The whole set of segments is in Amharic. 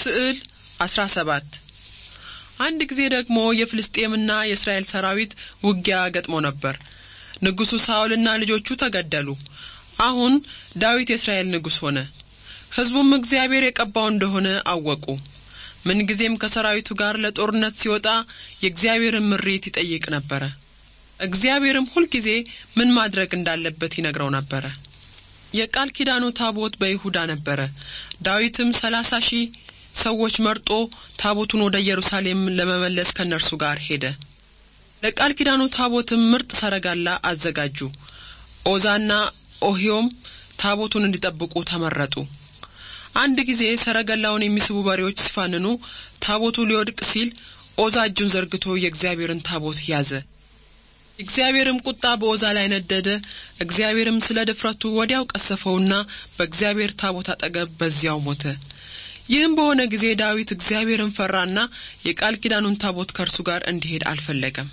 ስዕል 17 አንድ ጊዜ ደግሞ የፍልስጤምና የእስራኤል ሰራዊት ውጊያ ገጥሞ ነበር። ንጉሡ ሳኦልና ልጆቹ ተገደሉ። አሁን ዳዊት የእስራኤል ንጉሥ ሆነ። ሕዝቡም እግዚአብሔር የቀባው እንደሆነ አወቁ። ምንጊዜም ከሰራዊቱ ጋር ለጦርነት ሲወጣ የእግዚአብሔርን ምሪት ይጠይቅ ነበረ። እግዚአብሔርም ሁልጊዜ ምን ማድረግ እንዳለበት ይነግረው ነበረ። የቃል ኪዳኑ ታቦት በይሁዳ ነበረ። ዳዊትም ሰላሳ ሺህ ሰዎች መርጦ ታቦቱን ወደ ኢየሩሳሌም ለመመለስ ከእነርሱ ጋር ሄደ። ለቃል ኪዳኑ ታቦትም ምርጥ ሰረጋላ አዘጋጁ። ኦዛና ኦሂዮም ታቦቱን እንዲጠብቁ ተመረጡ። አንድ ጊዜ ሰረገላውን የሚስቡ በሬዎች ሲፋንኑ ታቦቱ ሊወድቅ ሲል ኦዛ እጁን ዘርግቶ የእግዚአብሔርን ታቦት ያዘ። እግዚአብሔርም ቁጣ በኦዛ ላይ ነደደ። እግዚአብሔርም ስለ ድፍረቱ ወዲያው ቀሰፈውና በእግዚአብሔር ታቦት አጠገብ በዚያው ሞተ። ይህም በሆነ ጊዜ ዳዊት እግዚአብሔርን ፈራና የቃል ኪዳኑን ታቦት ከእርሱ ጋር እንዲሄድ አልፈለገም።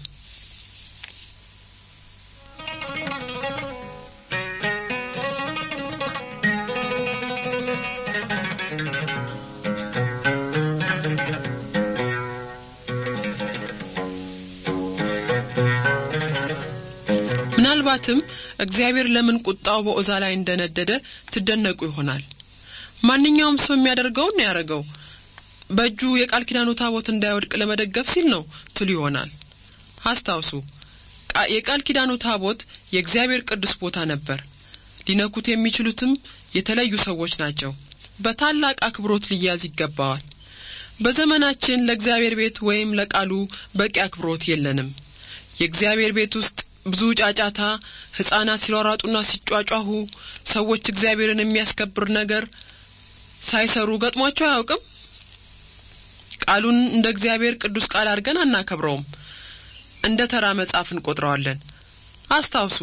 ምናልባትም እግዚአብሔር ለምን ቁጣው በኦዛ ላይ እንደነደደ ትደነቁ ይሆናል። ማንኛውም ሰው የሚያደርገውን ነው ያደረገው። በእጁ የቃል ኪዳኑ ታቦት እንዳይወድቅ ለመደገፍ ሲል ነው ትሉ ይሆናል። አስታውሱ፣ የቃል ኪዳኑ ታቦት የእግዚአብሔር ቅዱስ ቦታ ነበር። ሊነኩት የሚችሉትም የተለዩ ሰዎች ናቸው። በታላቅ አክብሮት ሊያዝ ይገባዋል። በዘመናችን ለእግዚአብሔር ቤት ወይም ለቃሉ በቂ አክብሮት የለንም። የእግዚአብሔር ቤት ውስጥ ብዙ ጫጫታ፣ ሕፃናት ሲሯሯጡና ሲጯጯሁ፣ ሰዎች እግዚአብሔርን የሚያስከብር ነገር ሳይሰሩ ገጥሟቸው አያውቅም። ቃሉን እንደ እግዚአብሔር ቅዱስ ቃል አድርገን አናከብረውም። እንደ ተራ መጽሐፍ እንቆጥረዋለን። አስታውሱ፣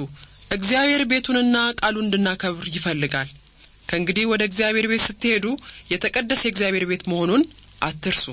እግዚአብሔር ቤቱንና ቃሉን እንድናከብር ይፈልጋል። ከእንግዲህ ወደ እግዚአብሔር ቤት ስትሄዱ የተቀደሰ የእግዚአብሔር ቤት መሆኑን አትርሱ።